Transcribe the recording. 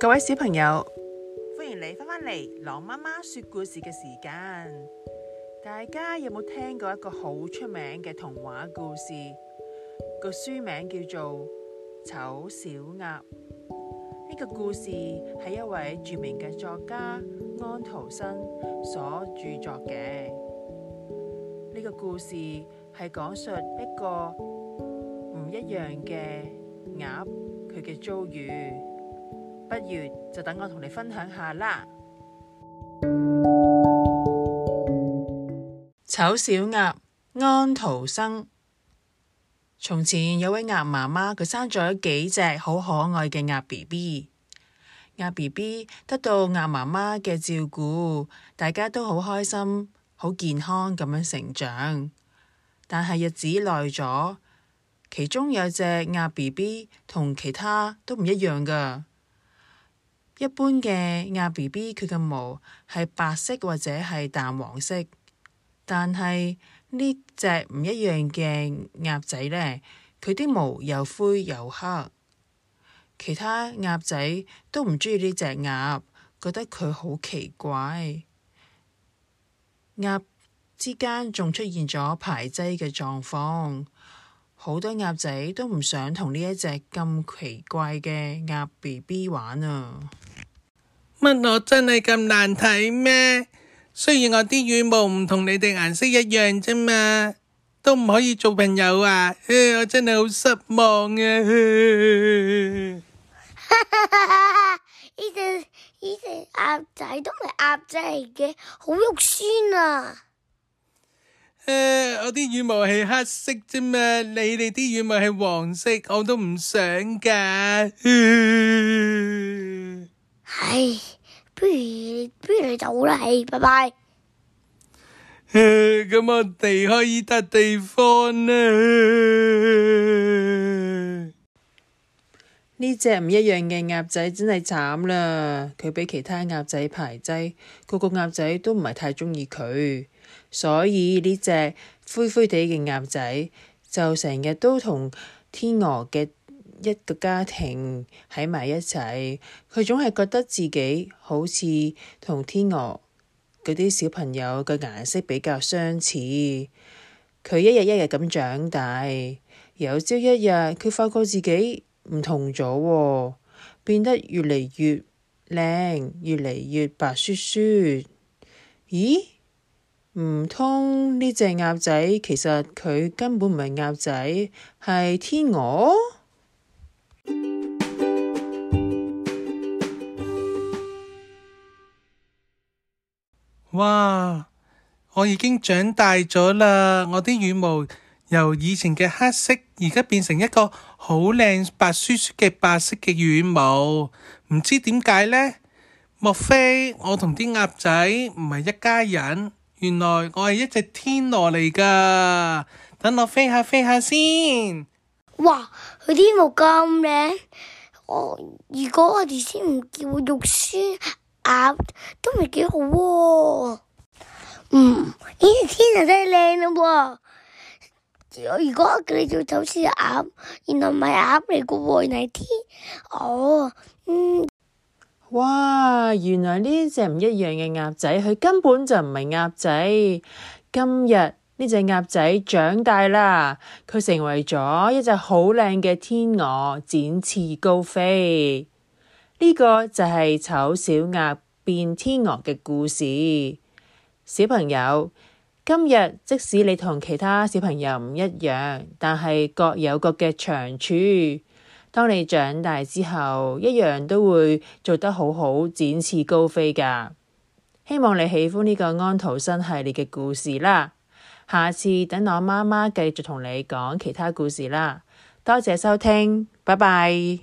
各位小朋友，歡迎你返返嚟《狼媽媽說故事》嘅時間。大家有冇聽過一個好出名嘅童話故事？個書名叫做《醜小鴨》。呢個故事係一位著名嘅作家安徒生所著作嘅。呢個故事係講述一個唔一樣嘅鴨佢嘅遭遇。不如就等我同你分享下啦。醜小鴨，安徒生。從前有位鴨媽媽，佢生咗幾隻好可愛嘅鴨 BB。鴨 BB 得到鴨媽媽嘅照顧，大家都好開心，好健康咁樣成長。但係日子耐咗，其中有隻鴨 BB 同其他都唔一樣㗎。一般嘅鴨 B B 佢嘅毛係白色或者係淡黃色，但係呢隻唔一樣嘅鴨仔呢，佢啲毛又灰又黑。其他鴨仔都唔中意呢隻鴨，覺得佢好奇怪。鴨之間仲出現咗排擠嘅狀況，好多鴨仔都唔想同呢一隻咁奇怪嘅鴨 B B 玩啊！乜我真係咁難睇咩？雖然我啲羽毛唔同你哋顏色一樣啫嘛，都唔可以做朋友啊！唉，我真係好失望啊！哈哈哈哈哈！呢隻呢隻鴨仔都唔係鴨仔嚟嘅，好肉酸啊！誒，我啲羽毛係黑色啫嘛，你哋啲羽毛係黃色，我都唔想噶。 唉、哎，不如不如你走啦、啊，係，拜拜。咁我哋可以去笪地方呢？呢隻唔一樣嘅鴨仔真係慘啦，佢俾其他鴨仔排擠，個個鴨仔都唔係太中意佢，所以呢隻灰灰地嘅鴨仔就成日都同天鵝嘅。一個家庭喺埋一齊，佢總係覺得自己好似同天鵝嗰啲小朋友嘅顏色比較相似。佢一日一日咁長大，有朝一日佢發覺自己唔同咗，變得越嚟越靚，越嚟越白雪雪。咦，唔通呢隻鴨仔其實佢根本唔係鴨仔，係天鵝？哇！我已經長大咗啦，我啲羽毛由以前嘅黑色，而家變成一個好靚白雪雪嘅白色嘅羽毛，唔知點解呢？莫非我同啲鴨仔唔係一家人？原來我係一隻天鵝嚟噶，等我飛下飛下先。哇！佢啲毛咁靚，我如果我哋先唔叫我肉酸。鴨都未幾好喎，嗯，呢隻天又真係靚嘞喎。如果佢哋做就好似原來唔係鴨嚟個喎呢天，哦，嗯。哦哦、嗯哇，原來呢隻唔一樣嘅鴨仔，佢根本就唔係鴨仔。今日呢隻鴨仔長大啦，佢成為咗一隻好靚嘅天鵝，展翅高飛。呢個就係醜小鴨變天鵝嘅故事。小朋友，今日即使你同其他小朋友唔一樣，但係各有各嘅長處。當你長大之後，一樣都會做得好好，展翅高飛㗎。希望你喜歡呢個安徒生系列嘅故事啦。下次等我媽媽繼續同你講其他故事啦。多謝收聽，拜拜。